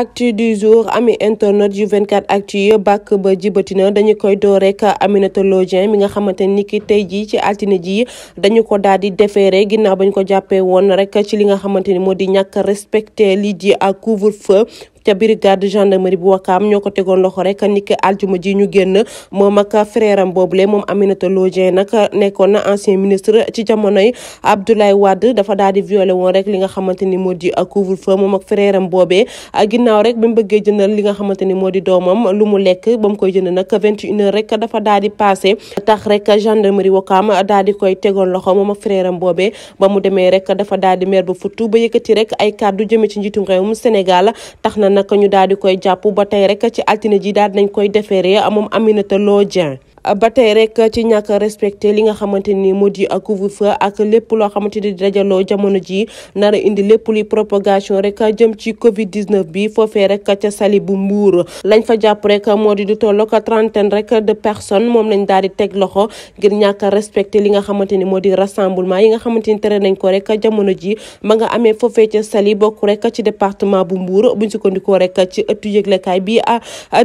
actu du jour ami internet yu 24 actu yi bàkk ba jibatina dañu koy doo rek Aminata Lô Dieng mi nga xamante ni ki tey jii ci altine ji dañu ko daal di defeere ginnaaw bañ ko jàppee woon rek ci li nga xamante ni moo di ñàkk respecté lii di ak couvre feu ca brigade gendarmerie bu Wakaam ñoo ko tegoon loxo rek niki aljuma ji ñu génn moom ak frère am boobule moom Aminata Lo Dieng nag nekkoon na ancien ministre ci jamonoy Abdoulaye wadd dafa daal di violé woon rek li nga xamante ni moo di couvre-feu moom ak frère am boobee ah, ginnaaw rek bi mu bëggee jëndal li nga xamante ni moo di doomam lu mu lekk mu koy jënd nag 21 heures rek dafa daal di passé tax rek gendarmerie Wakaam daal di koy tegoon loxo moom ak frère am boobee ba mu demee rek dafa daldi di mer ba futtu ba yëkkati rek ay kàddu jëme ci njiitum réewum Sénégal tax naka ñu daal di koy jàpp ba tey rek ci altine ji daal di nañ koy defeere moom Aminata Lô Dieng ba tey rek ci ñàkk respecté li nga xamante ni moo di couvre ak lépp loo xamante ni dajaloo jamono ji nar indi lépp luy propagation rek jëm ci Covid 19 bi foofee rek ca sali bu mbuur lañ fa jàpp rek moo di du tolloo ko trentaine rek de person moom lañ daal di teg loxo ngir ñàkk respecté li nga xamante ni moo di rassemblement yi nga xamante ni tere nañ ko rek jamono ji ma nga amee foofee ca sali bokk rek ci département bu mbuur buñ sukkandikoo rek ci ëttu yëglekaay bi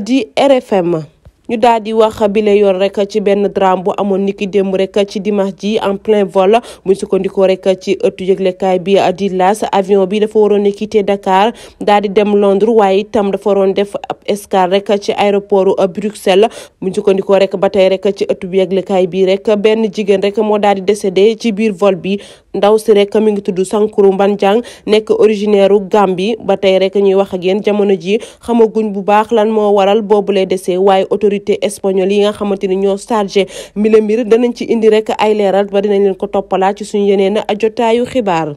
di RFM. ñu daal di wax bile yoon rek ci benn drame bu amoon niki démb rek ci dimanche ji en plein vol buñ sukkandikoo rek ci ëttu yëglekaay bi di las avion bi dafa waroon a quitter Dakar daal dem Londres waaye itam dafa waroon def ab escale rek ci aéroport Bruxelles buñ sukkandikoo rek ba tey rek ci ëttu yeglekaay bi rek benn jigéen rek moo daal di décédé ci biir vol bi ndaw si rek mi ngi tudd Sankuru Mbanjang nekk originaire u Gambie ba tey rek ñuy wax ak yéen jamono ji xamaguñ bu baax lan moo waral boobu boobule desee waaye autorité espagnole yi nga xamante ni ñoo chargé mbile mbir danañ ci indi rek ay leeral ba dinañ leen ko toppalaa ci suñu yeneen a jotaayu xibaar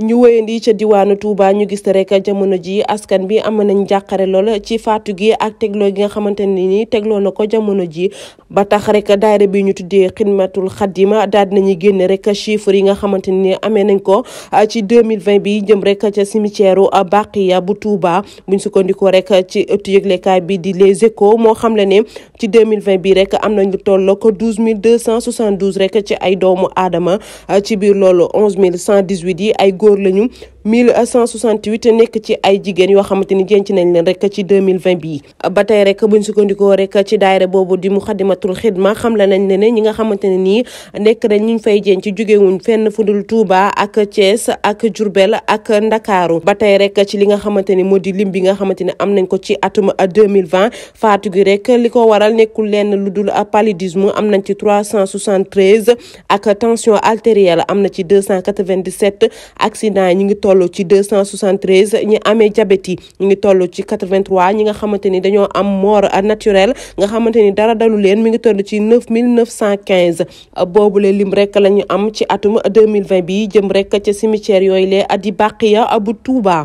ñu wéyandi ca diwaanu Touba ñu gis rek jamono ji askan bi am nañ jàqare lool ci faatu gi ak tegloo gi nga xamante ne ni tegloo na ko jamono ji ba tax rek daayira bi ñu tuddee xidmatul xadima daal nañuy génne rek chiffre yi nga xamante ni amee nañ ko ah, ci 2020 bi jëm rek ca cimetière ah, Baqiya bu Touba buñ sukkandikoo rek ci ëttu yëglekaay bi di Les Échos moo xam le ne ci 2020 bi rek am nañ lu toll ko 12 272 rek ci ay doomu aadama ah, ci biir loolu 11 118 yi ay góor góor lañu 1168 nekk ci ay jigéen yoo xamante ni jenc nañ leen rek ci 2020 bii ba tey rek buñ sukkandikoo rek ci daayira boobu di Muxaddamatul Xidma xam la nañ ne ne ñi nga xamante ne nii nekk nañ ñu fay jenc jógewuñ fenn dul Touba ak Thiès ak Diourbel ak Ndakaaru ba tey rek ci li nga xamante ni moo di lim bi nga xamante ne am nañ ko ci atum 2020 faatu gi rek li ko waral nekkul lenn lu dul paludisme am nañ ci 373 ak tension artérielle am na ci 297 ak accident yi ñu ngi toll ci 273 ñi ame diabète yi ñu ngi toll ci 83 ñi nga xamante ni dañoo am mort naturelle nga xamante ni dara dalu leen mi ngi toll ci mille quinze a bobu lee lim rek la ñu am ci atum mille vingt bi jëm rek ca cimetière yooyu lee adi bàqiya bu Touba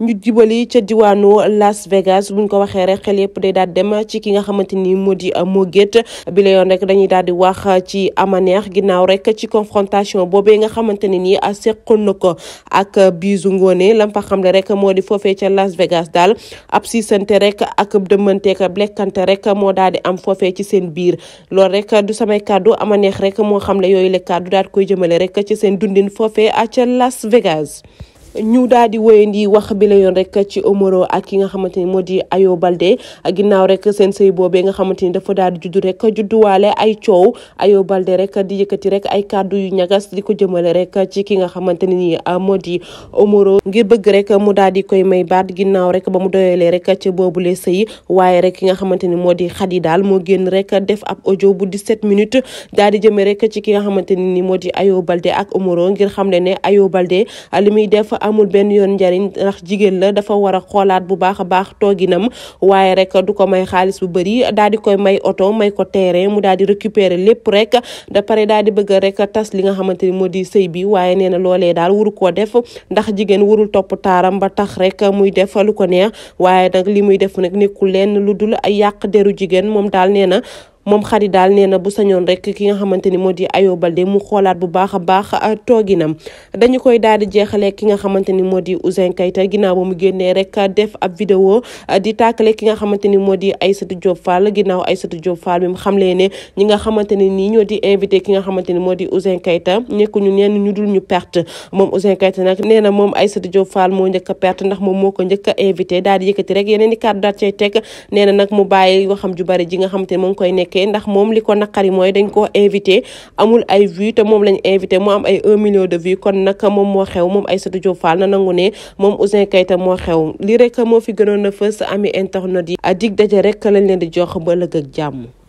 ñu jubali ca diwaanu Las Vegas buñ ko waxee rek xel yëpp day daal dem ci ki nga xamante ni moo di uh, moo gétt bi la yoon rek dañuy daal di wax uh, ci amaneex ginnaaw rek ci confrontation boobee nga xamante ne nii uh, seqoon na ko ak biisu ngoone lam fa xamle rek moo di foofee ca Las Vegas daal ab siisante rek ak dëmmanteek blekkante rek moo daal di am foofee ci seen biir loolu rek du samay kàddu amaneex rek moo xamle yooyu le kàddu daal koy jëmale rek ci seen dundin foofee ca Las Vegas ñu daal di wéyandi wax bi la yoon rek ci Omaro ak ki nga xamante ni moo di Ayo Balde ginnaaw rek seen sëy boobee nga xamante ni dafa daal di judd rek judduwaale ay coow Ayo Balde rek di yëkkati rek ay kàddu yu ñagas di ko jëmale rek ci ki nga xamante ne ni moo di Omaro ngir bëgg rek mu daal di koy may baat ginnaaw rek ba mu doyalee rek ci boobule sëy waaye rek ki nga xamante ni moo di Khady daal moo génn rek def ab audio bu 17 minutes daal di jëmee rek ci ki nga xamante ni moo di Ayo ak Omaro ngir xam ne ne Ayo def amul benn yoon njariñ ndax jigéen la dafa war a xoolaat bu baax a baax tooginam waaye rek du ko may xaalis bu bëri daal koy may oto may ko terrain mu daal di récupérer lépp rek da pare daal di bëgg rek tas li nga xamante ni moo di sëy bi waaye nee na loolee daal waru koo def ndax jigéen warul topp taaram ba tax rek muy def lu ko neex waaye nag li muy def nag nekkul lenn lu dul ay yàq deru jigéen moom daal nee na moom xarit daal nee na bu sañoon rek ki nga xamante ni moo di Ayo Baldé mu xoolaat bu baax a baax uh, tooginam dañu koy daal di jeexalee ki nga xamante ni moo di Ouzin Keita ginnaaw ba mu génnee rek uh, def ab vidéo uh, di tàkkale ki nga xamante ni moo di Aïssatou Diop Fall ginnaaw Aïssatou Diop Fall bi mu xamlee ne ñi nga xamante ne nii ñoo di invité ki nga xamante ni moo di Ouzin Keita nekkuñu ñenn ñu dul ñu perte moom Ouzin Keita nag nee na moom Aïssatou Diop Fall moo njëkk a perte ndax moom moo ko njëkk daal di yëkkati yeneen i kàddu daal cay teg nee na nag mu bàyyi waxam ju bari ji nga xamante ni moo ngi koy nekk choqué ndax moom li ko naqari mooy dañ ko invité amul ay vues te moom lañ invité mu am ay 1 million de vues kon nag moom moo xew moom Aïssatou Diop Fall na nangu ne moom Ouzin Keita moo xew li rek moo fi gënoon a fës ami internet yi a dig daje rek lañ leen di jox ba ëllëg ak jàmm